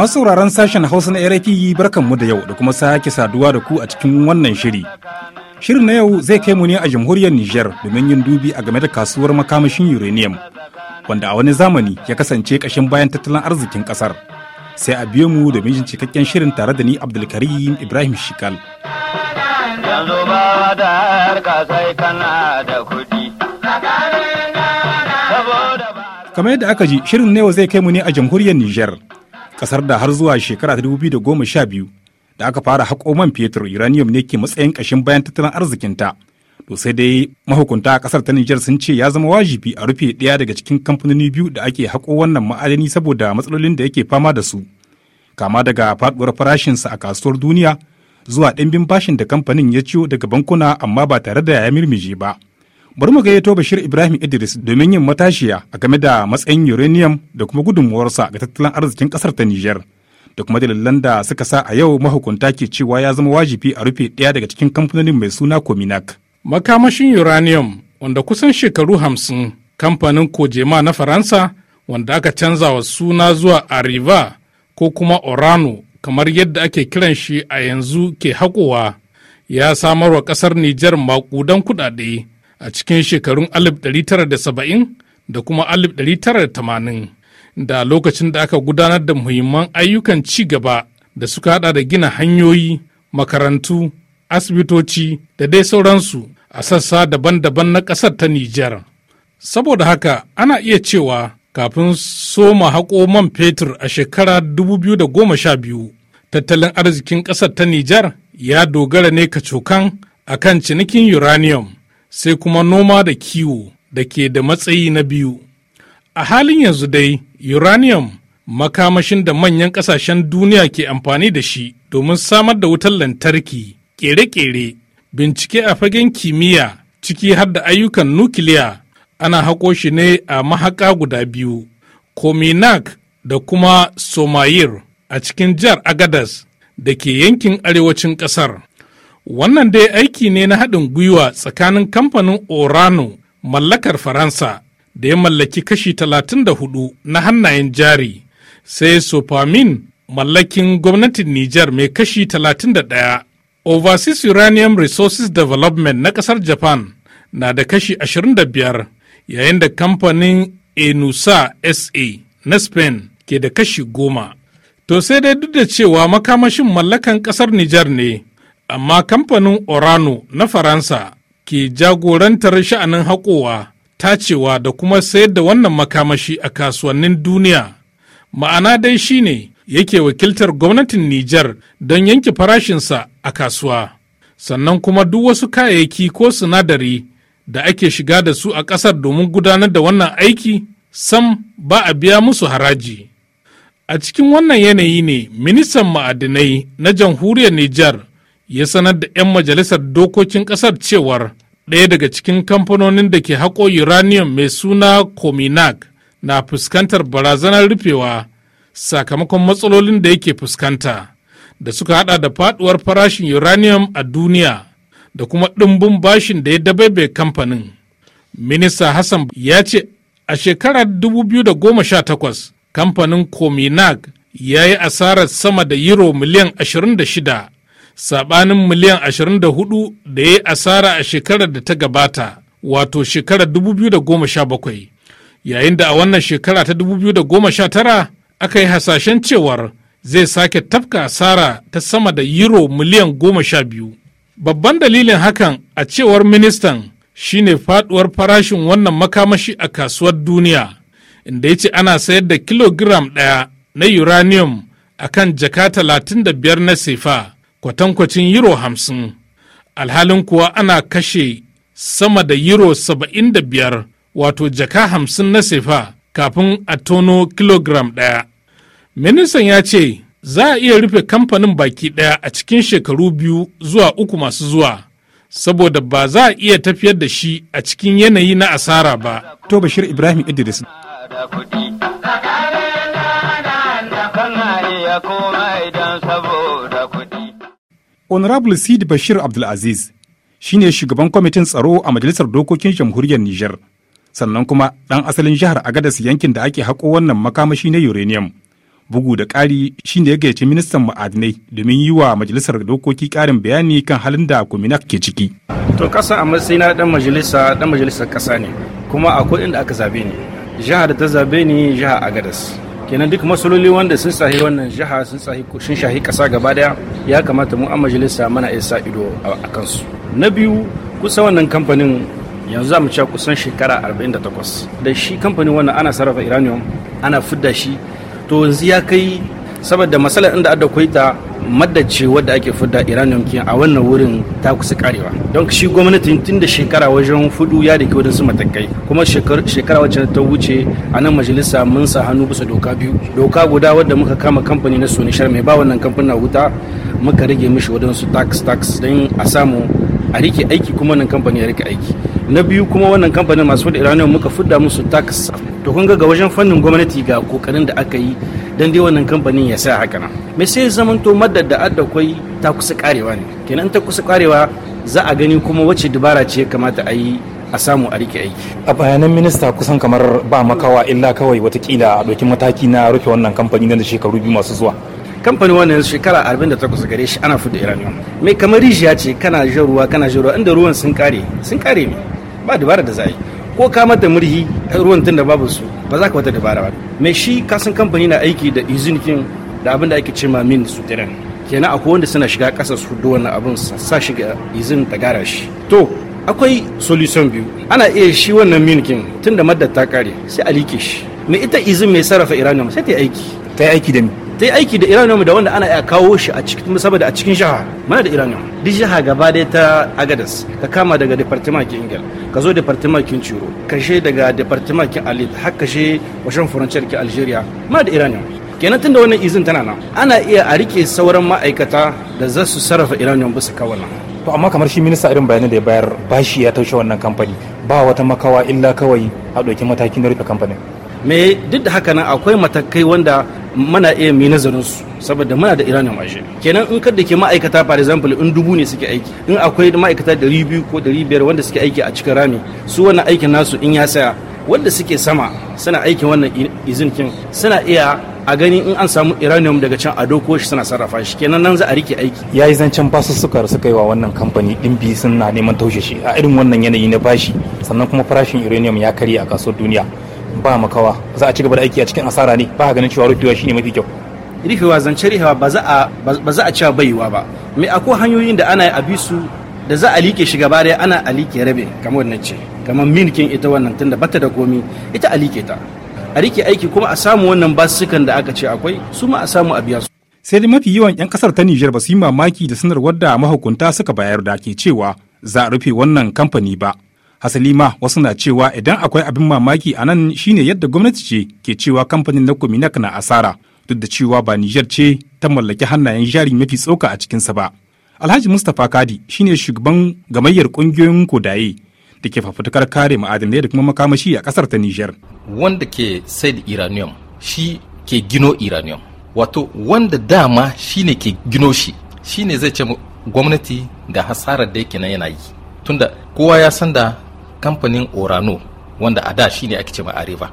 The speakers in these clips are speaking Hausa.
Masu sauraron sashen Hausa na yi barkanmu da yau da kuma sake saduwa da ku a cikin wannan shiri. Shirin na yau zai kai mu ne a jamhuriyar niger domin yin dubi a game da kasuwar makamashin uranium, wanda a wani zamani ya kasance kashin bayan tattalin arzikin kasar Sai a biyo mu domin cikakken shirin tare da ni Abdulkarim Ibrahim Shikal. Kamar yadda aka ji, shirin na yau zai kai mu ne a jamhuriyar Nijar. kasar da har zuwa shekara ta biyu da aka fara haƙo man fetur uranium ne ke matsayin ƙashin bayan tattalin arzikinta to sai dai mahukunta a kasar ta Nijar sun ce ya zama wajibi a rufe ɗaya daga cikin kamfanoni biyu da ake haƙo wannan ma'adani saboda matsalolin da yake fama da su kama daga faɗuwar farashinsa a kasuwar duniya zuwa ɗimbin bashin da kamfanin ya ciyo daga bankuna amma ba tare da ya mirmije ba. Bari mu gayyato Bashir Ibrahim Idris domin yin matashiya a game da matsayin uranium da kuma gudunmuwarsa ga tattalin arzikin kasar ta Nijar. Da kuma dalilan da suka sa a yau mahukunta ke cewa ya zama wajibi a rufe ɗaya daga cikin kamfanonin mai suna Cominac. Makamashin uranium wanda kusan shekaru hamsin kamfanin Kojema na Faransa wanda aka canza wa suna zuwa ariva ko kuma Orano kamar yadda ake kiran shi a yanzu ke haƙowa ya samar wa ƙasar Nijar maƙudan kuɗaɗe a cikin shekarun 1970 da kuma 1980 da lokacin da aka gudanar da muhimman ayyukan ci gaba da suka hada da gina hanyoyi makarantu asibitoci da dai sauransu a sassa daban-daban na ƙasar ta Nijar. Saboda haka ana iya cewa kafin soma haƙo man fetur a shekara 2012 tattalin arzikin ƙasar ta Nijar ya dogara ne kacokan a kan cinikin uranium. sai kuma noma da kiwo da ke da matsayi na biyu. A halin yanzu dai, uranium makamashin da manyan ƙasashen duniya ke amfani da shi domin samar da wutar lantarki, ƙere-ƙere, bincike a fagen kimiyya ciki har da ayyukan nukiliya ana haƙo shi ne a mahaƙa guda biyu, Kominak da kuma Somayir a cikin jihar Agadas da ke yankin arewacin ƙasar. Wannan dai aiki ne na haɗin gwiwa tsakanin kamfanin Orano mallakar Faransa da ya mallaki kashi 34 na hannayen jari sai Sofamin mallakin gwamnatin Nijar mai kashi 31. Overseas Uranium Resources Development na ƙasar Japan na da kashi 25 yayin da kamfanin Enusa SA na Spain ke da kashi 10. To sai dai duk da cewa makamashin mallakan ƙasar Nijar ne. amma kamfanin Orano na Faransa ke jagorantar sha'anin haƙowa, tacewa da kuma sayar da wannan makamashi a kasuwannin duniya. Ma'ana dai shine yake wakiltar gwamnatin Nijar don yanke farashinsa a kasuwa. Sannan kuma duk wasu kayayyaki ko sinadari da ake shiga da su a ƙasar domin gudanar da wannan aiki sam ba a biya musu haraji. A cikin wannan yanayi ne ministan ma'adinai na jamhuriyar Nijar ya sanar da 'yan majalisar dokokin ƙasar cewar ɗaya daga cikin kamfanonin da ke haƙo uranium mai suna Kominak na fuskantar barazanar rufewa sakamakon matsalolin da yake fuskanta da suka hada da faduwar farashin uranium a duniya da kuma ɗimbin bashin da ya dabaibe kamfanin minista hassan ya ce a shekarar 2018 kamfanin cominac ya yi asarar sama da euro miliyan 26 sabanin miliyan 24 da ya yi asara a shekarar da ta gabata wato shekarar 2017 yayin da a wannan shekara ta 2019 aka yi hasashen cewar zai sake tafka asara ta sama da euro miliyan 12 babban dalilin hakan a cewar ministan shine faduwar farashin wannan makamashi a kasuwar duniya inda ya ce ana sayar da kilogiram ɗaya na uranium a kan jaka 35 na sefa kwatankwacin euro hamsin alhalin kuwa ana kashe sama da euro saba'in da biyar wato jaka hamsin na sefa kafin a tono kilogram ɗaya ministan ya ce za a iya rufe kamfanin baki ɗaya a cikin shekaru biyu zuwa uku masu zuwa saboda ba za a iya tafiyar da shi a cikin yanayi na asara ba to bashir ibrahim idris Honorable Sid Bashir Abdulaziz shi ne shugaban kwamitin tsaro a Majalisar Dokokin Jamhuriyar Nijar, sannan kuma ɗan asalin jihar Agadas yankin da ake haƙo wannan makamashi na uranium. Bugu da ƙari shi ne ya gayyaci ministan ma'adinai domin yi wa Majalisar Dokoki ƙarin bayani kan halin da Kuminak ke ciki. To ƙasa a matsayina ɗan majalisa ɗan majalisar ƙasa ne, kuma akwai inda aka zabe ni. Jihar da ta zabe ni jihar Agadas. kenan duk masaloli wanda sun sahi wannan jiha sun sahi sun shahi kasa gaba daya ya kamata mu a majalisa mana iya sa ido a kansu na biyu kusa wannan kamfanin yanzu za mu cewa kusan shekara 48 da shi kamfanin wannan ana sarrafa iranium ana fidda shi to yanzu ya kai saboda matsalar inda adda kwaita maddace wadda ake fudda iranium ke a wannan wurin ta kusa karewa don shi gwamnatin tun da shekara wajen fudu ya da wajen su matakai kuma shekara wacce ta wuce a nan majalisa mun sa hannu bisa doka biyu doka guda wadda muka kama kamfani na sonishar mai ba wannan kamfanin wuta muka rage mishi wadansu tax tax don a samu a rike aiki kuma wannan kamfani ya rike aiki na biyu kuma wannan kamfanin masu fudda iranium muka fudda musu tax to kun ga wajen fannin gwamnati ga kokarin da aka yi don dai wannan kamfanin ya sa haka nan me sai zaman to madar da adda kwai ta kusa karewa ne kenan ta kusa karewa za a gani kuma wacce dubara ce kamata a yi a samu a rike aiki a bayanan minista kusan kamar ba makawa illa kawai watakila a ɗauki mataki na rufe wannan kamfani nan da shekaru biyu masu zuwa kamfanin wannan shekara 48 gare shi ana fudu iranium mai kamar rijiya ce kana jan ruwa kana jan ruwa inda ruwan sun kare sun kare ne ba dubara da za a yi ko ka mata murhi ruwan tun da babu su ba za ka wata dabara ba mai shi kasan kamfani na aiki da izinikin da abin da ake ce ma min suturan kenan akwai wanda suna shiga kasa su da wannan abin sa shiga izin ta gara shi to akwai solution biyu ana iya shi wannan minkin tun da madatta ta kare sai a like shi mai ita izin mai sarrafa iranium sai ta yi aiki ta yi aiki da mi ta yi aiki da iranium da wanda ana iya kawo shi a cikin saboda a cikin jiha mana da iranium duk jiha gaba dai ta agadas ka kama daga departement kin ingil ka zo departement kin ciro kashe daga departement kin alit har she washan furanciyar ki algeria mana da iranium kenan tunda wannan izin tana nan ana iya a rike sauran ma'aikata da za su sarrafa iranium bisa kawana to amma kamar shi minista irin bayanin da ya bayar bashi ya taushe wannan kamfani ba wata makawa illa kawai a ɗauki matakin rufe kamfanin me duk da haka nan akwai matakai wanda mana iya mi nazarin su saboda muna da iranian mashin kenan in kada ke ma'aikata for example in dubu ne suke aiki in akwai ma'aikata dari biyu ko dari biyar wanda suke aiki a cikin rami su wannan aikin nasu in ya saya wanda suke sama suna aikin wannan izinkin suna iya a gani in an samu iranium daga can a doko shi suna sarrafa shi kenan nan za a rike aiki ya yi zancen basu suka yi wa wannan kamfani din biyu suna neman taushe shi a irin wannan yanayi na bashi sannan kuma farashin uranium ya karye a kasuwar duniya ba makawa za a ci gaba da aiki a cikin asara ne ba ganin cewa rufewa shine mafi kyau rufewa zance rufewa ba za a ba za a cewa ba me akwai hanyoyin da ana abi su da za a like shi gaba daya ana a like rabe kamar wannan ce kamar milkin ita wannan tunda bata da komi ita a like ta a rike aiki kuma a samu wannan basukan da aka ce akwai su ma a samu a biya su sai dai mafi yawan 'yan kasar ta Nijar ba su yi mamaki da sanarwar da mahukunta suka bayar da ke cewa za a rufe wannan kamfani ba. hasalima wasu na cewa idan akwai abin mamaki a nan shine yadda gwamnati ce ke cewa kamfanin na kominak na asara duk da cewa ba nijar ce ta mallaki hannayen jari mafi tsoka a cikinsa ba alhaji mustapha kadi shine shugaban gamayyar kungiyoyin kodaye da ke fafutukar kare ma'adanai da kuma makamashi a kasar ta nijar wanda ke sai da iranium shi ke gino iranium wato wanda dama shine ke gino shi shine zai ce gwamnati da hasarar da yake na yana yi tunda kowa ya san da kamfanin orano wanda a da shi ne ake ce ma areva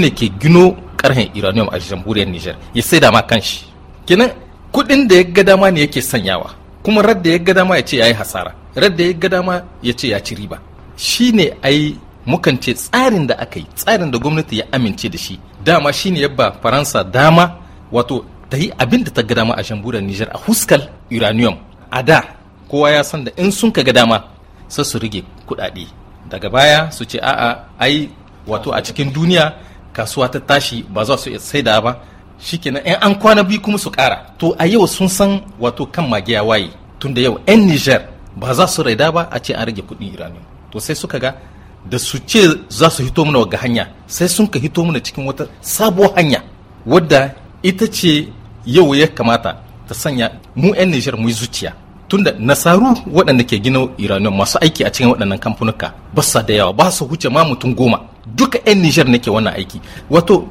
ne ke gino karhen uranium a jamhuriyar niger ya sai da ma kanshi kenan kudin da ya ga dama ne yake sanyawa kuma radda ya ga dama ya ce ya yi hasara radda ya ga dama ya ce ya ci riba shine ai mukan ce tsarin da aka yi tsarin da gwamnati ya amince da shi dama shine yabba faransa dama wato ta yi abin da ta ga dama a jamhuriyar niger a huskal uranium a da kowa ya san da in sun ka ga dama sai su rige kuɗaɗe daga baya su ce a'a ai wato a cikin duniya kasuwa ta tashi ba za su sai da ba shikenan yan an kwana biyu kuma su kara to a yau sun san wato kan magiya waye tunda yau yan niger ba za su raida ba a ce an rage kudin iranium to sai suka ga da su ce za su hito mana ga hanya sai sun ka hito mana cikin wata sabuwar hanya wadda ita ce yau ya kamata ta sanya mu 'yan nijar mu zuciya tunda nasaru waɗanda ke gina iranian masu aiki a cikin waɗannan kamfanuka ba su da yawa ba su huce ma mutum goma duka 'yan nijar nake wannan aiki wato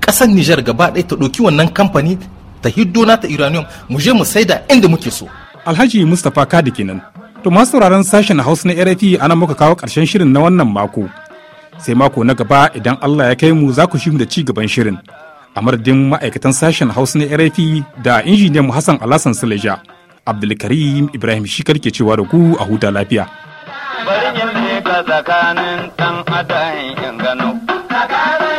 ƙasar nijar gaba ɗaya ta ɗauki wannan kamfani ta hiddo ta iranium mu je mu saida inda muke so alhaji mustapha kadi kenan to masu sauraron sashen hausa na rfi ana muka kawo ƙarshen shirin na wannan mako sai mako na gaba idan allah ya kai mu za ku shi da ci gaban shirin a madadin ma'aikatan sashen hausa na rfi da injiniyan mu hassan alasan suleja Abdulkarim Ibrahim shi karke cewa da ku a huta lafiya. Bari yin tsakanin ɗan adam in gano.